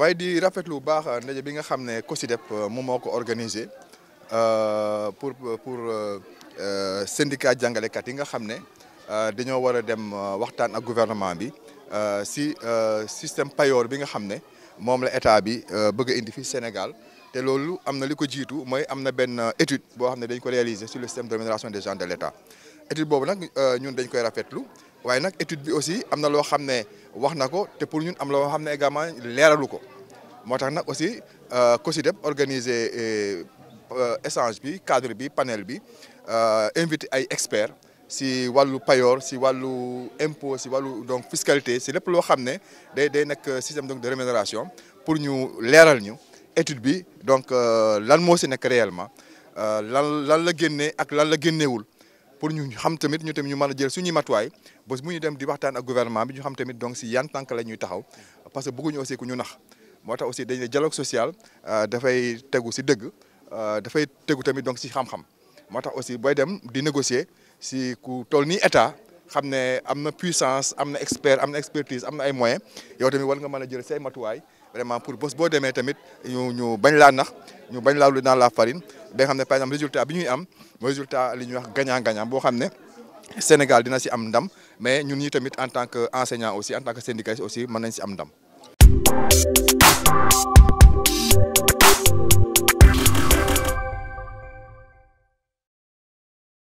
waaye di rafet bu baax ndaje bi nga xam ne COSYDEP euh, moom moo ko organisé euh, pour pour euh, syndicat jàngalekat yi nga xam ne dañoo war a dem waxtaan ak gouvernement bi si système payoor bi nga xam ne moom la état bi bëgg indi fi Sénégal. te loolu amna liko jitu moy amna ben euh, étude bo xamné dañ ko réaliser sur le système de rémunération des gens de l'État étude bobu nak euh, ñun dañ koy rafetlu waaye nak étude bi aussi amna lo xamné xam ne wax na ko pour ñun am lo xamné également leeralu ko moo tax nag aussi euh, COSYDEP organiser échange bi cadre bi panel bi invité ay experts si walu payor si walu impôt si walu donc fiscalité si lepp lo xamné day day nak système donc de rémunération pour ñu léral ñu étude bi donc euh, lan mo réellement euh, lan la pour ñu xam tamit ñu tamit ñu jël suñu matuwaay bu ñu dem di gouvernement bi ñu xam tamit donc si yan la taxaw parce que bëgguñu aussi ku ñu nax motax aussi dialogue social euh, tegu si dëgg fay tegu tamit donc si xam-xam aussi dem di négocier si ku toll ni xamné amna puissance amna expert amna expertise amna ay moyens yow tamit war nga mën a jël say matuwaay vraiment pour boss bo démé tamit ñu ñu bañ la nax ñu bañ la lu dans la farine ba xamné par exemple résultat bi ñuy am mo résultat li ñuy wax gagnant-gagnant bo xamné Sénégal dina ci am ndam mais ñun ñi tamit en tant que enseignant aussi en tant que syndicaliste aussi mën nañ ci am ndam.